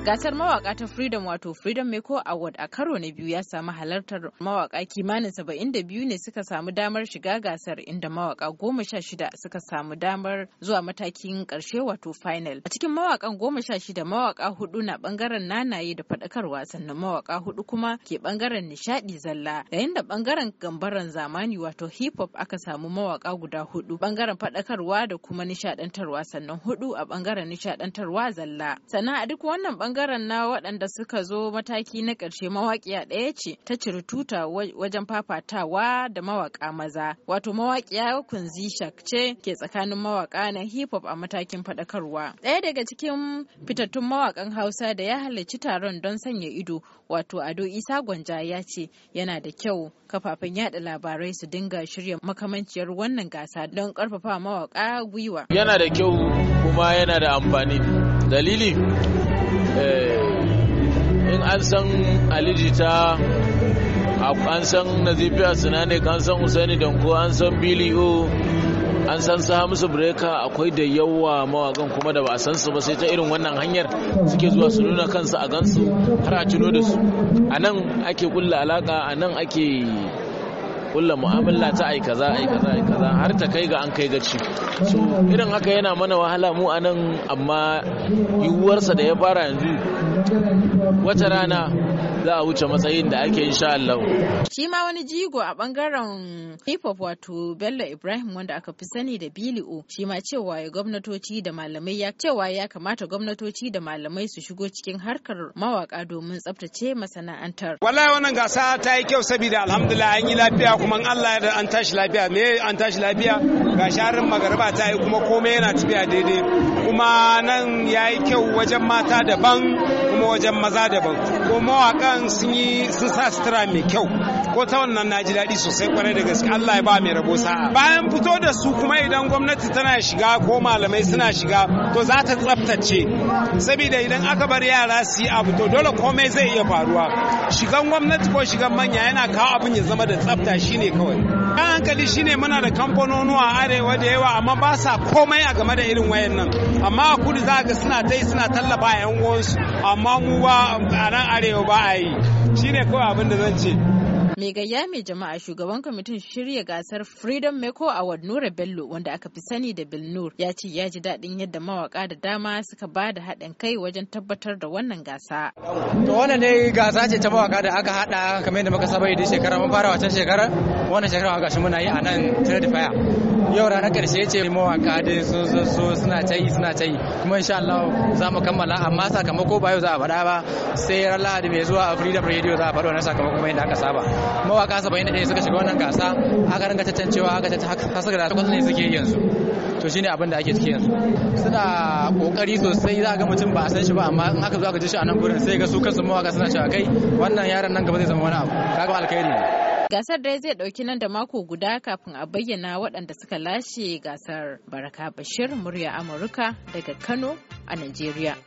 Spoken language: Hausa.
Gasar mawaka ta Freedom wato Freedom Meko Award a karo na biyu ya samu halartar mawaka kimanin saba'in da biyu ne suka samu damar shiga gasar inda mawaka goma sha shida suka samu damar zuwa matakin karshe wato final. A cikin mawakan goma sha shida mawaka hudu na bangaren nanaye da faɗakarwa sannan mawaka hudu kuma ke bangaren nishadi zalla yayin da bangaren gambaran zamani wato hip hop aka samu mawaka guda hudu bangaren faɗakarwa da kuma nishadantarwa sannan hudu a bangaren nishadantarwa zalla. Sannan a duk wannan bangaren na waɗanda suka zo mataki na ƙarshe mawaƙiya ɗaya ce ta ciri tuta wajen fafatawa da mawaƙa maza. Wato mawaƙiya kunzi shak ce ke tsakanin mawaƙa na hip hop a matakin faɗakarwa. Ɗaya daga cikin fitattun mawaƙan Hausa da ya halarci taron don sanya ido wato Ado Isa Gwanja ya ce yana da kyau kafafen yada labarai su dinga shirya makamanciyar wannan gasa don ƙarfafa mawaƙa gwiwa. Yana da kyau kuma yana da amfani. Dalili Eh, in an san alijita an san a ne an san usaini danko an san biliyo an san sa musu breka akwai da yawa mawagan kuma da ba a san su ba sai ta irin wannan hanyar suke zuwa su nuna kansu a gansu har a cino da su a nan ake kulla alaka a nan ake kulla mu'amala ta ai kaza ai kaza ai kaza har ta kai ga an kai gaci so irin haka yana mana wahala mu anan amma yiwuwarsa da ya fara yanzu wata rana za a wuce matsayin da ake insha Allah. Shi ma wani jigo a bangaren hip hop wato Bello Ibrahim wanda aka fi sani da Bilio shi ma cewa ya gwamnatoci da malamai ya cewa ya kamata gwamnatoci da malamai su shigo cikin harkar mawaka domin tsaftace masana'antar. Wallahi wannan gasa ta yi kyau saboda alhamdulillah an yi lafiya kuma Allah ya an tashi lafiya me an tashi lafiya ga sharin magarba ta yi kuma komai yana tafiya daidai kuma nan ya yi kyau wajen mata daban kuma wajen maza daban kuma mawakan sun yi sun sa sutura mai kyau ko ta wannan na ji daɗi sosai kwarai da gaske Allah ya ba mai rabo sa'a bayan fito da su kuma idan gwamnati tana shiga ko malamai suna shiga to za ta tsaftace saboda idan aka bar yara su yi abu to dole komai zai iya faruwa shigan gwamnati ko shigan manya yana kawo abin ya zama da tsafta shine kawai kan hankali shine muna da kamfanonu a arewa da yawa amma ba sa komai a game da irin wayan nan amma a kudu za ga suna ta yi suna tallafa yan uwansu amma mu ba a nan arewa ba a yi shine kawai abin da zan ce Mai gayya mai jama'a shugaban kwamitin shirya gasar Freedom Meko Award Nura Bello wanda aka fi sani da Bilnur ya ce ya ji daɗin yadda mawaka da dama suka ba da haɗin kai wajen tabbatar da wannan gasa. To wannan ne gasa ce ta mawaka da aka haɗa kamar yadda muka saba yi shekara mun fara wacan shekara wannan shekara shi muna yi a nan trade fair yau rana karshe ce mawaka dai su su suna ta yi suna ta yi kuma insha Allah za mu kammala amma sakamako ba yau za a faɗa ba sai ran Lahadi mai zuwa a Freedom Radio za a faɗa wannan sakamako kuma yadda aka saba mawaka 71 suka shiga wannan gasa aka rinka tantancewa aka tantance da takwas ne suke yanzu to shine abin da ake ciki yanzu suna kokari sosai za ga mutum ba a san shi ba amma in aka zo aka ji shi a nan gurin sai ga su kansu mawaka suna cewa kai wannan yaron nan gaba zai zama wani abu kaga alkhairi ne Gasar dai zai ɗauki nan da mako guda kafin a bayyana waɗanda suka lashe gasar. Baraka Bashir, murya Amurka daga Kano a Najeriya.